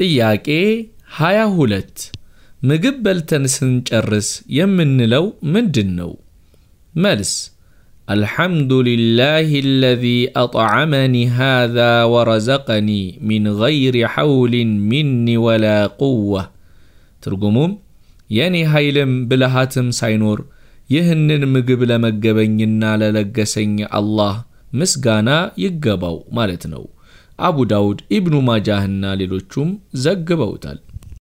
ጥያቄ 22 ምግብ በልተን ስንጨርስ የምንለው ምንድን ነው? መልስ الحمد لله الذي أطعمني هذا ورزقني من غير حول مني ولا قوة ትርጉሙም የኔ ኃይልም ብልሃትም ሳይኖር ይህንን ምግብ ለመገበኝና ለለገሰኝ አላህ ምስጋና ይገባው ማለት ነው። አቡ ዳውድ፣ ኢብኑ ማጃህና ሌሎቹም ዘግበውታል።